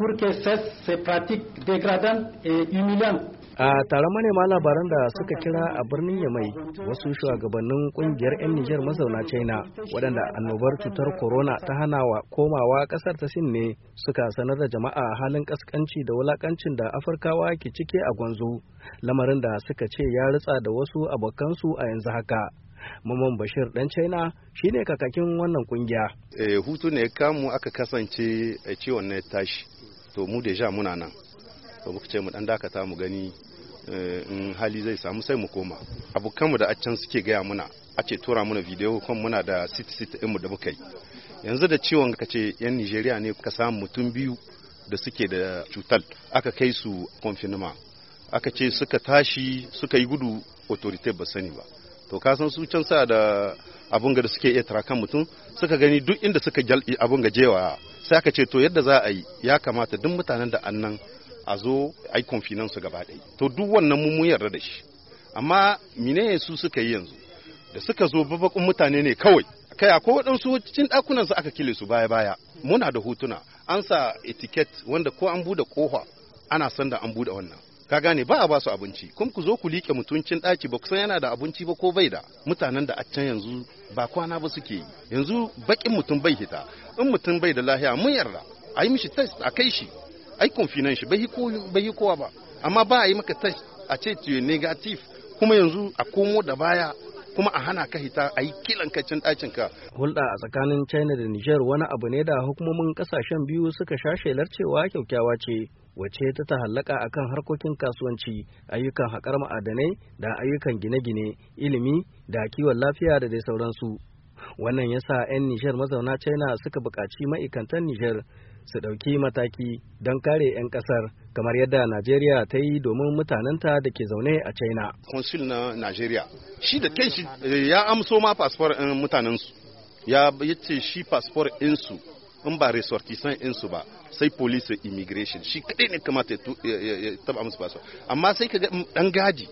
pour que cette pratique dégradante et humiliante a taron manema labaran da suka kira a birnin yamai wasu shugabannin kungiyar 'yan nijar mazauna china waɗanda annobar cutar corona ta hana wa komawa ƙasar ta sin ne suka sanar da jama'a halin ƙasƙanci da wulaƙancin da afirkawa ke cike a gwanzo lamarin da suka ce ya ritsa da wasu abokansu a yanzu haka Maman Bashir dan China shine kakakin wannan kungiya. Eh, hutu ne kamu aka kasance eh, ciwon ne tashi. to mu deja muna nan to muka ce mu dan dakata mu gani eh, in hali zai samu sai mu koma abokanmu da accan suke gaya muna a ce tura muna video kan muna da sit sit mu da muka yi yanzu da ciwon ka ce yan Nigeria ne ka samu mutum biyu da suke da cutar aka kai su confinement aka ce suka tashi suka yi gudu authority ba sani ba to ka san su can sa da abun ga da suke iya tara kan mutum suka gani duk inda suka gyalbi abun ga jewa sai aka ce to yadda za a yi ya kamata duk mutanen da annan a zo a yi su gaba ɗaya to duk wannan mu mun yarda da shi amma mine su suka yi yanzu da suka zo babakun mutane ne kawai kai akwai waɗansu cikin ɗakunan su aka kile su baya baya muna da hutuna an sa etiket wanda ko an buɗe kofa ana san da an buɗe wannan ka gane ba a ba su abinci kuma ku zo ku liƙe mutuncin ɗaki ba kusan yana da abinci ba ko bai da mutanen da a can yanzu ba kwana ba suke yi yanzu baƙin mutum bai hita in mutum bai da lahiya mun yarda a yi mishi test a kai shi yi confinan shi bai yi kowa ba amma ba a yi maka test a ce tu negative kuma yanzu a komo da baya kuma a hana ka hita a yi kilankacin ɗakin ka. Hulɗa a tsakanin China da Nijar wani abu ne da hukumomin ƙasashen biyu suka sha shelar cewa kyaukyawa ce wace ta a kan harkokin kasuwanci ayyukan haƙar ma'adanai da ayyukan gine-gine ilimi da kiwon lafiya da dai sauransu wannan ya sa 'yan nijar mazauna china suka buƙaci ma'aikatan nijar su ɗauki mataki don kare 'yan ƙasar kamar yadda najeriya ta yi domin mutanenta da ke zaune a china consul na najeriya shi da kanshi eh, ya amso ma fasfor mutanensu ya ce shi fasfor ɗinsu in ba resortisan in su ba sai police immigration shi kadai ne kamata ya taba musu fasuwa amma sai ka ga dan gadi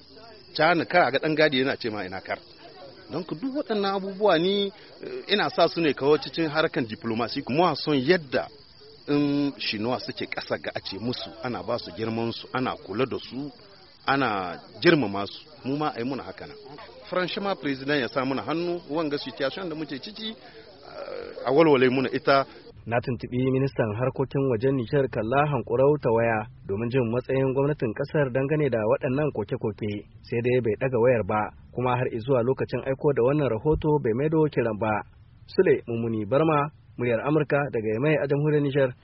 cana kar ga dan gadi yana ce ma ina kar don ku duk waɗannan abubuwa ni eh, ina sa su ne kawo cikin harkan diplomasi kuma son yadda in shinuwa suke ƙasa ga a ce musu ana ba su girman su ana kula da su ana girmama su mu ma a yi muna haka nan ma president ya sa muna hannu wanga situation da muke ciki eh, a walwale muna ita na tuntubi ministan harkokin wajen nishar kalla hankurau ta waya domin jin matsayin gwamnatin ƙasar dangane da waɗannan koke-koke sai dai bai ɗaga wayar ba kuma har zuwa lokacin aiko da wannan rahoto bai maido kiran ba sule mummuni barma muryar amurka daga yamai a jamhuriyar nishar